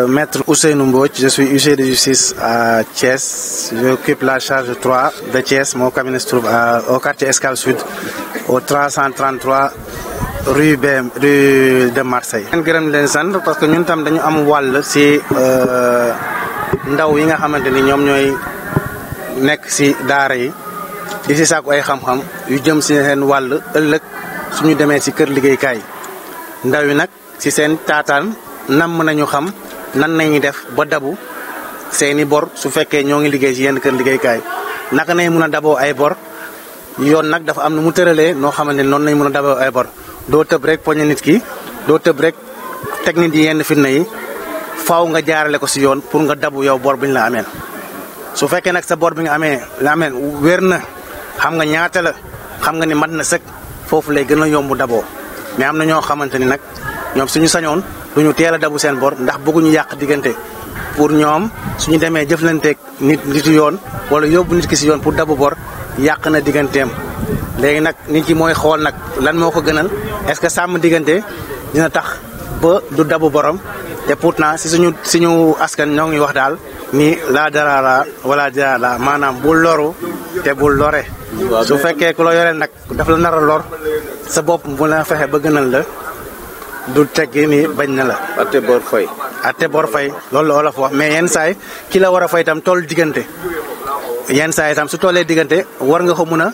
Euh, Maître Ousseinou Mbouch, je suis usé de justice à Thiès. J'occupe la charge 3 de Thiès. Mon cabinet se trouve au quartier Escale Sud, au 333 rue rue de Marseille. Je suis leen sant parce que ñun si euh, ndaw yi nga xamante ni ñoom ñooy si daara yi di si sàkku ay xam-xam yu jëm si seen wall ëllëg suñu demee si kër liggéeykaay ndaw yi nag si seen tatan, namm nañu xam. nan nañ ñi def ba dabu seeni bor su fekkee ñoo ngi liggéey ci yenn kër liggéeykaay naka nañ mun a daboo ay bor yoon nag dafa am nu mu tëralee noo xamante ne noonu lañ mun a daboo ay bor doo tëb rek poñe nit ki doo tëb rek teg yi yenn fitna yi faaw nga jaarale ko ci yoon pour nga dabu yow bor bi ñu la amee su fekkee nag sa bor bi nga amee la amee wér na xam nga ñaata la xam nga ni mat na sëkk foofu lay gën a yomb daboo mais am na ñoo xamante ni nag ñoom suñu sañoon duñu teel a dabu seen bor ndax bëgguñu yàq diggante pour ñoom suñu demee jëflanteeg nit nitu yoon wala yóbbu nit ki si yoon pour dabu bor yàq na digganteem léegi nag nit ki mooy xool nag lan moo ko gënal est-ce que sàmm diggante dina tax ba du dabu borom te pourtant si suñu suñu askan ñoo ngi wax daal ni laa daraara wala daraara maanaam bu loru te bul lore su fekkee ku la yoree nag daf la nar a lor sa bopp mu la fexe ba gënal la du teggi ni bañ na la. atte boor fay. atte boor fay loolu la Wolof wax mais yenn saay ki la war a fay tam tool diggante yenn saay itam su toolee diggante war nga ko mun a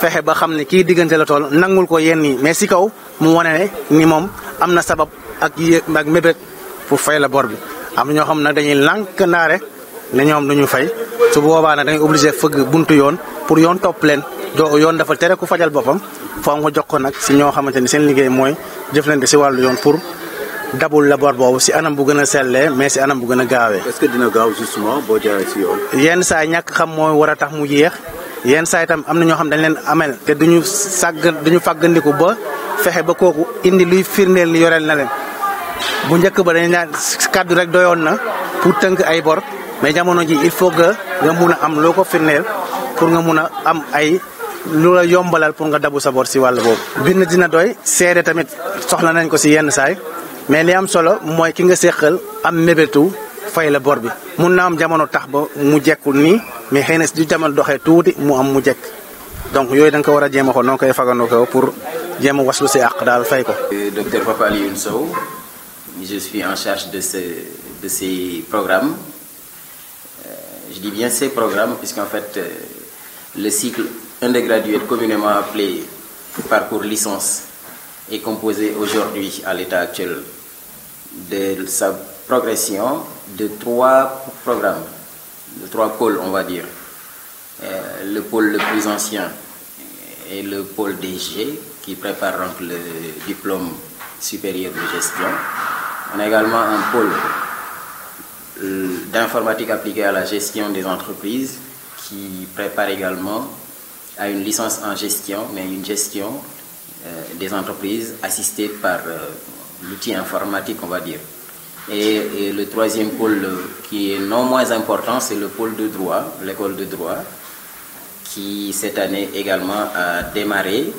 fexe ba xam ne kii diggante la tool nangul ko yenn yi mais si kaw mu wane ne ni moom am na sabab ak yéeg ak mébét pour fay la bor bi am ñoo xam nag dañuy lànk ndaare ne ñoom duñu fay su boobaa nag dañuy obligé fëgg buntu yoon pour yoon topp leen doo yoon dafa tere ku fajal boppam faaw nga jox ko nag si ñoo xamante ni seen liggéey mooy jëflante si wàllu yoon pour dabul labor boobu si anam bu gën a sellee mais si anam bu gën a gaawee. est ce que dina gaaw justement boo jaaree si yoon. yenn saa ñàkk xam mooy war a tax mu yéex yenn saa itam am na ñoo xam dañ leen amel te duñu sàgg duñu fàggandiku ba fexe ba kooku indi luy firndeel ni yoreel na leen bu njëkk ba dañ naan kàddu rek doyoon na pour tënk ay bor mais jamono ji il faut que nga mun a am loo ko firndeel pour nga mun a am ay lu la yombalal pour nga dabu sa bor ci wàll bob bin dina doy seede tamit soxla nañ ko ci yenn say mais li am solo moy ki nga séqal am mébétu fay la bor bi. mu naam jamono tax ba mu jekkul ni mais xëy du jamono doxé touti mu am mu jek donc yoy da nga ko war a jéem a ko pour jéem waslu ci ak dal fay ko. Euh, docteur Papa Alioune Sow je suis en charge de ce de ces programmes euh, je dis bien ces programmes puisqu'en fait euh, le cycle un des gradués communément appelé parcours licence est composé aujourd'hui à l'état actuel de sa progression de trois programmes, de trois pôles on va dire. Euh, le pôle le plus ancien est le pôle DG qui prépare donc le diplôme supérieur de gestion. On a également un pôle euh, d'informatique appliquée à la gestion des entreprises qui prépare également a une licence en gestion, mais une gestion euh, des entreprises assistée par euh, l'outil informatique, on va dire. Et, le troisième pôle euh, qui est non moins important, c'est le pôle de droit, l'école de droit, qui cette année également a démarré,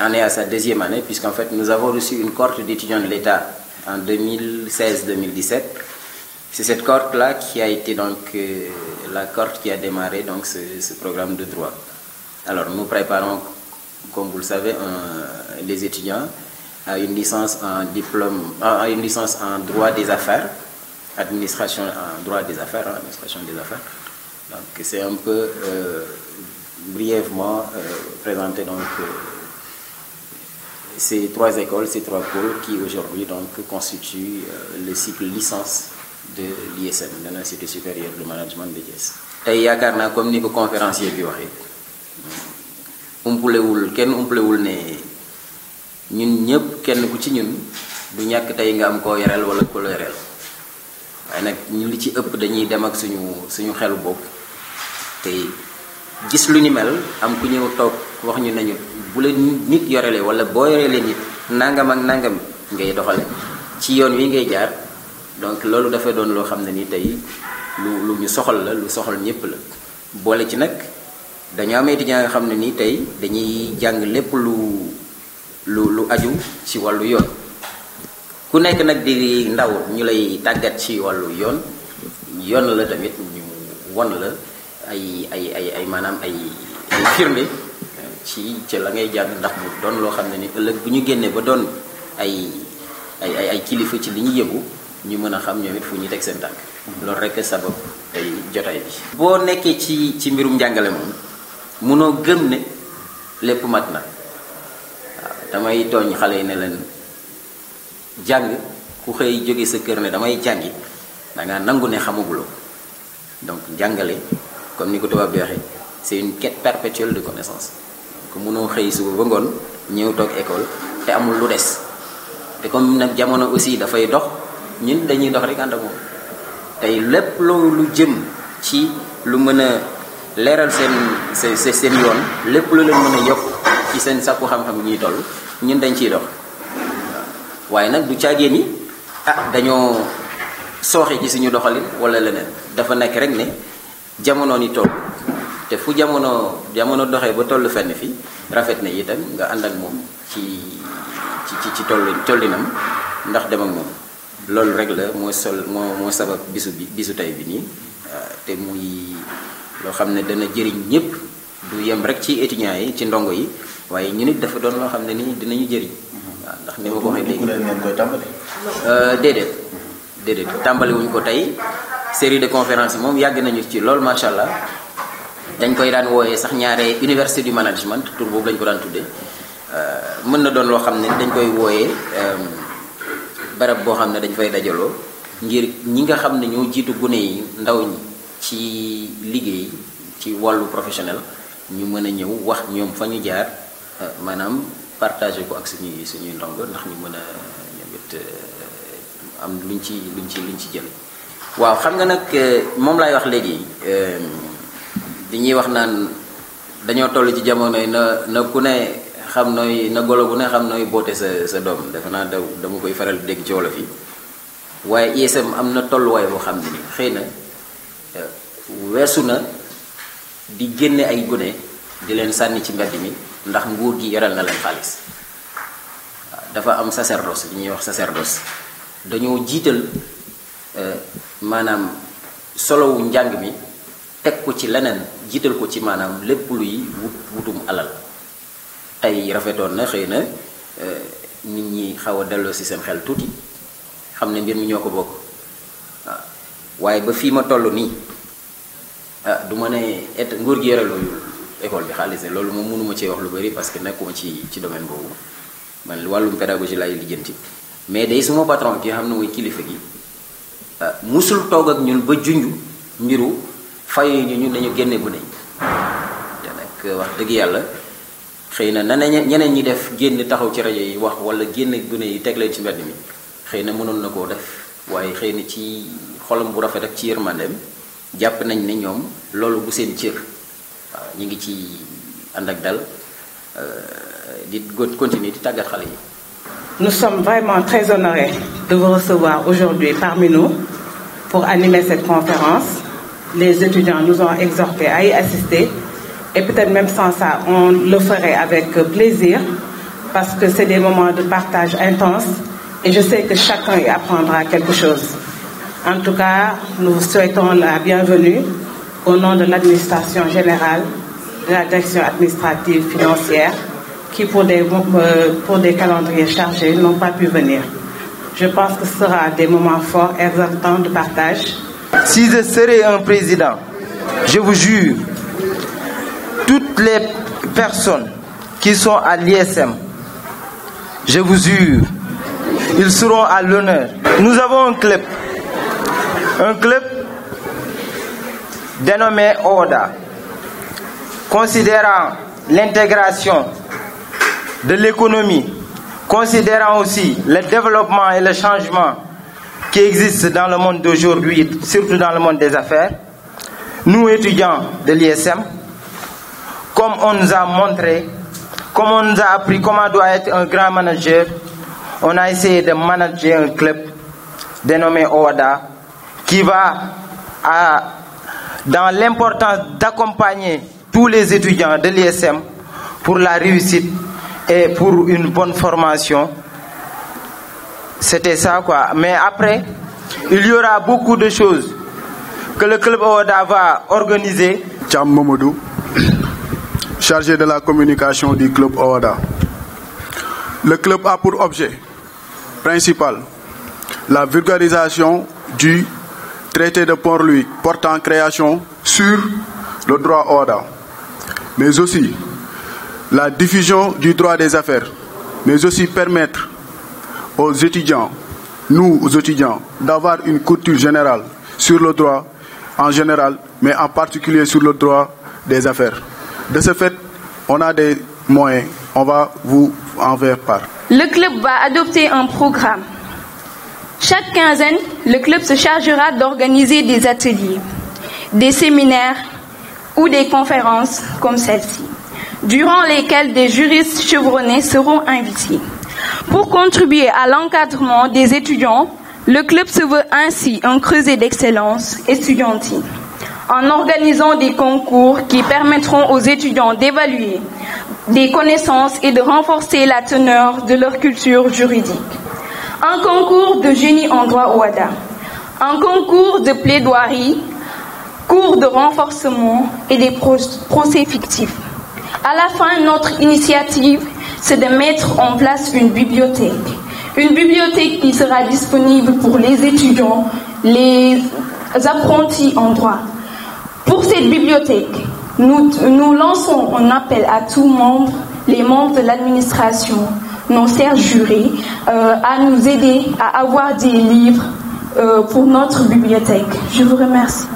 en est à sa deuxième année, puisqu'en fait nous avons reçu une cohorte d'étudiants de l'État en 2016-2017 c'est cette corte là qui a été donc euh, la Corte qui a démarré donc ce, programme de droit. Alors nous préparons, comme vous le savez, les étudiants à une licence en diplôme, à une licence en droit des affaires, administration en droit des affaires, hein, administration des affaires. Donc c'est un peu euh, brièvement euh, présenté donc ces trois écoles, ces trois cours qui aujourd'hui donc constituent le cycle licence de l'ISM de l'Institut supérieur de management de Thiès tey yaakaar naa comme niveau conférencier On peut le voir, bi waxee umpulewul kenn umpulewul ne ñun ñëpp kenn ku ci ñun du ñàkk tey nga am koo yarel wala ku la yoreel waaye nag ñu li ci ëpp dañuy dem ak suñu suñu xelu bopp tey gis lu ni mel am ku ñëw toog wax ñu nañu bu la nit yorele wala boo yorele nit nangam ak nangam ngay doxale ci yoon wi ngay jaar donc loolu dafa doon loo xam ne ni tey lu lu ñu soxal la lu soxal ñëpp la boole ci nag dañu am étudiant nga xam ne ni tey dañuy jàng lépp lu lu lu aju ci wàllu yoon ku nekk nag di ndaw ñu lay tàggat ci wàllu yoon yoon la tamit ñu won la ay ay ay ay maanaam ay ay firnde ci ca la ngay jàng ndax mu doon loo xam ne ni ëllëg bu ñu génnee ba doon ay ay ay kilifa ci li ñu yëngu ñu mën a xam ñoom fu ñuy teg seen tànk loolu rek sabab ay jotaay bi boo nekkee ci ci mbirum njàngale moom munoo gëm ne lépp mat na waaw ah, damay tooñ xale yi ne leen jàng ku xëy jóge sa kër ne damay jàngi da nga nangu ne xamaguloo donc jàngale comme ni ko tubaab bi waxee c' est une quête perpétuelle de connaissance ko munoo xëy suba ba ngoon ñëw toog école te amul lu des te comme nag jamono aussi dafay dox ñun dañuy dox rek ànd ak moom tey lu jëm ci lu mëna leral sen sen sen yoon lepp lu leen yok yok ci sen sakku xam-xam ñi toll ñun dañ ci dox waye nak du ciage ni ah dañoo soxé ci suñu doxali wala leneen dafa nek rek ne jamono ni toll te fu jamono jamono doxé ba toll fenn fi rafet na yitam nga ànd mom ci ci ci ci tollinam ndax dem ak mom lol rek la moy sol mo mo sabab bisu bi bisu tay bi ni euh, te muy lo xam dana jëriñ ñëpp du yem rek ci étudiants yi ci ndongo yi waye ñu nit dafa doon lo xam ni dinañu jëriñ ndax ni ma ko waxee léegi koy tàmbali euh, déedéet déedéet wuñ ko tay série de conférence mom yag nañu ci loolu machallah dañ koy daan woyé sax ñaare université du management tour bobu lañ ko daan tuddee euh, mën na doon lo xam dañ koy wooyee barab boo xam ne dañ fay dajaloo ngir ñi nga xam ne ñoo jiitu gune yi ndaw ñi ci liggéey ci wàllu professionnel ñu mën a ñëw wax ñoom fa ñu jaar euh, maanaam partagé ko ak suñuy suñuy ndongo ndax ñu mën a ñoom it euh, am luñ ci luñ ci luñ ci jël waaw xam nga nag euh, moom lay wax léegi di wax naan dañoo toll ci jamono yi na na ku ne xam noy na golo bu ne xam noy boté sa sa dom defana da dama koy faral deg jolo fi waye waaye ISM am na tolluwaay boo xam ni xeyna eh, wessuna di génné ay gune di len sanni ci mbedd mi ndax nguur gi yaral na len xaliss dafa am sacerdoce li ñuy wax sacerdoce dañoo eh, manam solo wu njang mi tek ko ci lenen jital ko ci manam lepp luy wutum alal ay rafetoon na xëy na eh, nit ñi xaw a delloo si seen xel tuuti xam ne mbir mi ñoo ko ah, waaye ba fii ma toll nii ah du ma ne et nguur gi yorelu école bi xaalis ne loolu moom mënuma cee wax lu bëri parce que nekkuma ci ci domaine boobu man wàllum pédagogie lay lijjanti mais day suma patron ki nga xam ne mooy kilifa gi ah, musul toog ak ñun ba junj mbiru fayu ñu ñu dañu génne bu ne te nag wax dëgg yàlla xëy na na ñeneen ñi def génn taxaw ci rajo yi wax wala génn gune yi teg leen ci mbedd mi xëy na mënoon na koo def waaye xëy na ci xolam bu rafet ak ci yërmandeem jàpp nañ ne ñoom loolu bu seen cër waaw ñu ngi ci ànd ak dal euh, di continuer di tàggat xale yi. Nous sommes vraiment très honorés de vous recevoir aujourd'hui parmi nous pour animer cette conférence. Les étudiants nous ont exhortés à y assister et peut-être même sans ça, on le ferait avec plaisir parce que c'est des moments de partage intense et je sais que chacun y apprendra quelque chose. En tout cas, nous vous souhaitons la bienvenue au nom de l'administration générale, de la direction administrative financière, qui pour des, euh, pour des calendriers chargés n'ont pas pu venir. Je pense que ce sera des moments forts, exaltants de partage. Si je serais un président, je vous jure toutes les personnes qui sont à l'ISM, je vous jure, ils seront à l'honneur. Nous avons un club, un club dénommé ODA, considérant l'intégration de l'économie, considérant aussi le développement et le changement qui existent dans le monde d'aujourd'hui, surtout dans le monde des affaires, nous étudiants de l'ISM, comme on nous a montré, comme on nous a appris comment doit être un grand manager, on a essayé de manager un club dénommé OADA qui va dans l'importance d'accompagner tous les étudiants de l'ISM pour la réussite et pour une bonne formation. C'était ça quoi. Mais après, il y aura beaucoup de choses que le club OADA va organiser chargé de la communication du club OADA. Le club a pour objet principal la vulgarisation du traité de Port-Louis portant création sur le droit OADA, mais aussi la diffusion du droit des affaires, mais aussi permettre aux étudiants, nous aux étudiants, d'avoir une couture générale sur le droit en général, mais en particulier sur le droit des affaires. De ce fait, on a des moyens. On va vous en faire part. Le club va adopter un programme. Chaque quinzaine, le club se chargera d'organiser des ateliers, des séminaires ou des conférences comme celle-ci, durant lesquelles des juristes chevronnés seront invités. Pour contribuer à l'encadrement des étudiants, le club se veut ainsi un creuset d'excellence étudiantine en organisant des concours qui permettront aux étudiants d'évaluer des connaissances et de renforcer la teneur de leur culture juridique. Un concours de génie en droit OADA, un concours de plaidoirie, cours de renforcement et des procès fictifs. À la fin, notre initiative, c'est de mettre en place une bibliothèque. Une bibliothèque qui sera disponible pour les étudiants, les apprentis en droit, pour cette bibliothèque, nous, nous lançons un appel à tous membres, les membres de l'administration, nos chers jurés, euh, à nous aider à avoir des livres euh, pour notre bibliothèque. Je vous remercie.